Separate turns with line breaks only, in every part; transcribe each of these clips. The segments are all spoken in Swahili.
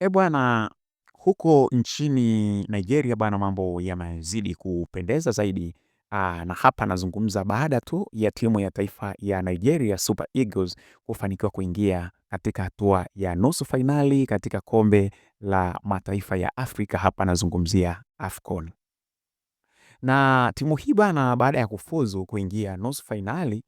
E bwana, huko nchini Nigeria bwana, mambo yamezidi kupendeza zaidi. Aa, ah, na hapa nazungumza baada tu ya timu ya taifa ya Nigeria Super Eagles kufanikiwa kuingia katika hatua ya nusu fainali katika kombe la mataifa ya Afrika, hapa nazungumzia AFCON. Na timu hii bwana, baada ya kufuzu kuingia nusu fainali,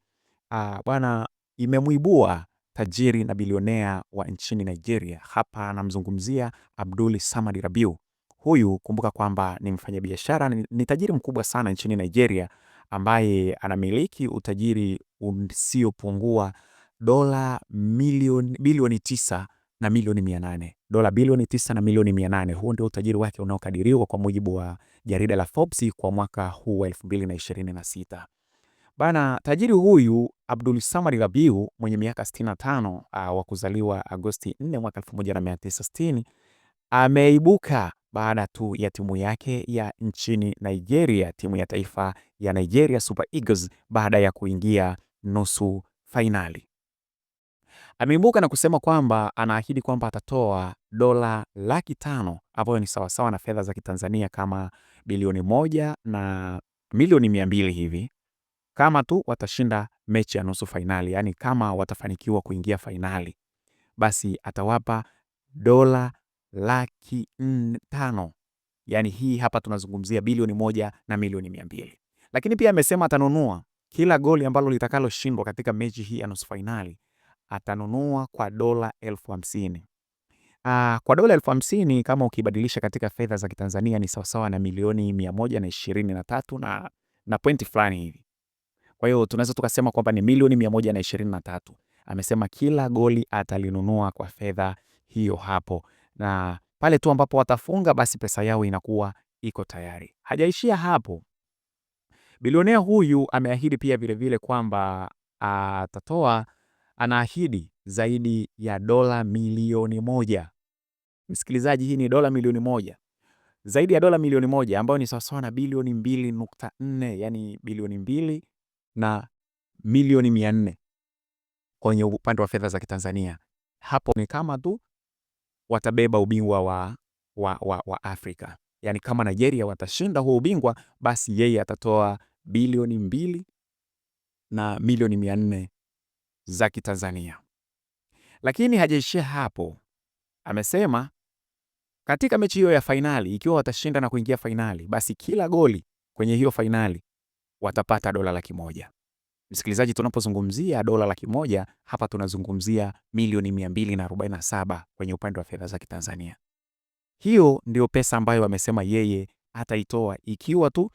ah, bwana, imemwibua tajiri na bilionea wa nchini Nigeria. Hapa anamzungumzia Abdul Samad Rabiu. Huyu kumbuka kwamba ni mfanyabiashara, ni tajiri mkubwa sana nchini Nigeria ambaye anamiliki utajiri usiopungua dola milioni bilioni tisa na milioni mia nane dola bilioni tisa na milioni mia nane Huo ndio utajiri wake unaokadiriwa kwa mujibu wa jarida la Forbes kwa mwaka huu wa 2026. Bana, tajiri huyu Abdul Samad Rabiu mwenye miaka 65 ah, wa kuzaliwa Agosti 4 mwaka 1960 ameibuka baada tu ya timu yake ya nchini Nigeria, timu ya taifa ya Nigeria Super Eagles, baada ya kuingia nusu fainali. Ameibuka na kusema kwamba anaahidi kwamba atatoa dola laki tano ambayo ni sawasawa na fedha za Kitanzania kama bilioni moja na milioni mia mbili hivi kama tu watashinda mechi ya nusu fainali, yaani kama watafanikiwa kuingia fainali, basi atawapa dola laki tano. Yaani hii hapa tunazungumzia bilioni moja na milioni mia mbili. Lakini pia amesema atanunua kila goli ambalo litakaloshindwa katika mechi hii ya nusu fainali atanunua kwa dola elfu hamsini. Aa, ah, kwa dola elfu hamsini kama ukibadilisha katika fedha za Kitanzania ni sawasawa na milioni mia moja na ishirini na tatu na na pointi fulani hivi. Kwa hiyo tunaweza tukasema kwamba ni milioni 123. Amesema kila goli atalinunua kwa fedha hiyo hapo, na pale tu ambapo watafunga basi pesa yao inakuwa iko tayari. Hajaishia hapo, bilionea huyu ameahidi pia vilevile vile kwamba atatoa, anaahidi zaidi ya dola milioni moja. Msikilizaji, hii ni dola milioni moja, zaidi ya dola milioni moja ambayo ni sawasawa na bilioni mbili nukta nne yani bilioni mbili na milioni mia nne kwenye upande wa fedha za Kitanzania. Hapo ni kama tu watabeba ubingwa wa, wa, wa, wa Afrika. Yaani kama Nigeria watashinda huo ubingwa, basi yeye atatoa bilioni mbili na milioni mia nne za Kitanzania. Lakini hajaishia hapo, amesema katika mechi hiyo ya fainali, ikiwa watashinda na kuingia fainali, basi kila goli kwenye hiyo fainali watapata dola laki moja. Msikilizaji, tunapozungumzia dola laki moja hapa tunazungumzia milioni mia mbili na na saba kwenye upande wa fedha za Kitanzania. Hiyo ndio pesa ambayo amesema yeye ataitoa ikiwa tu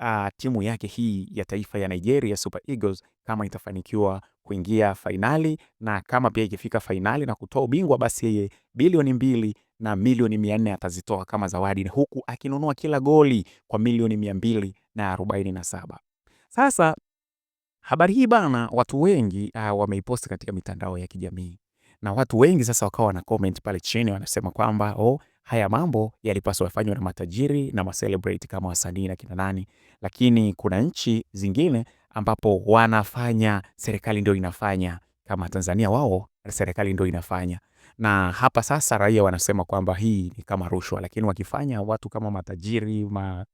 a, timu yake hii ya taifa ya Nigeria Super Eagles kama itafanikiwa kuingia fainali na kama pia ikifika fainali na kutoa ubingwa, basi yeye bilioni mbili na milioni mia nne atazitoa kama zawadi, huku akinunua kila goli kwa milioni mia mbili na arobaini na saba. Sasa habari hii bana, watu wengi uh, wameiposti katika mitandao ya kijamii na watu wengi sasa wakawa wana comment pale chini wanasema kwamba oh, haya mambo yalipaswa yafanywe na matajiri na macelebrity kama wasanii na kina nani, lakini kuna nchi zingine ambapo wanafanya serikali ndio inafanya. Kama Tanzania wao serikali ndio inafanya, na hapa sasa raia wanasema kwamba hii ni kama rushwa, lakini wakifanya watu kama matajiri ma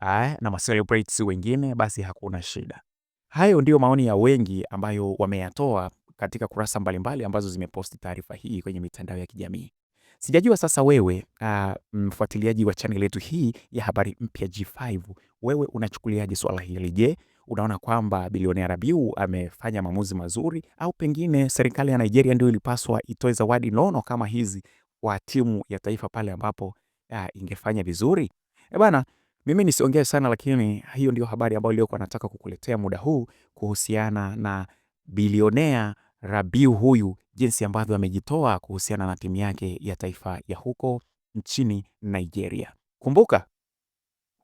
eh, na ma celebrities wengine, basi hakuna shida. Hayo ndiyo maoni ya wengi ambayo wameyatoa katika kurasa mbalimbali ambazo zimeposti taarifa hii kwenye mitandao ya kijamii. Sijajua sasa wewe uh, mfuatiliaji wa channel yetu hii ya habari mpya G5, wewe unachukuliaje swala hili? Je, unaona kwamba bilionea Rabiu amefanya maamuzi mazuri, au pengine serikali ya Nigeria ndio ilipaswa itoe zawadi nono kama hizi kwa timu ya taifa pale ambapo uh, ingefanya vizuri? E bana, mimi nisiongee sana lakini hiyo ndio habari ambayo iliyokuwa nataka kukuletea muda huu kuhusiana na bilionea Rabiu huyu jinsi ambavyo amejitoa kuhusiana na timu yake ya taifa ya huko nchini Nigeria. Kumbuka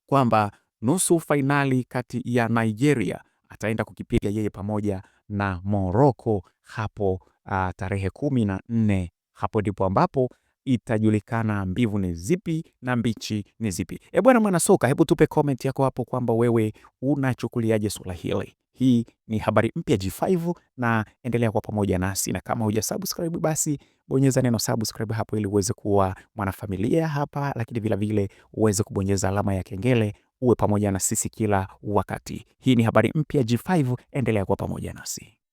kwamba nusu fainali kati ya Nigeria ataenda kukipiga yeye pamoja na Morocco hapo uh, tarehe kumi na nne hapo ndipo ambapo itajulikana mbivu ni zipi na mbichi ni zipi. E bwana mwanasoka, hebu tupe comment yako hapo kwamba wewe unachukuliaje swala hili. Hii ni habari mpya G5, na endelea kwa pamoja nasi, na kama huja subscribe basi bonyeza neno subscribe hapo ili uweze kuwa mwanafamilia hapa, lakini vile vile uweze kubonyeza alama ya kengele uwe pamoja na sisi kila wakati. Hii ni habari mpya G5, endelea kuwa pamoja nasi.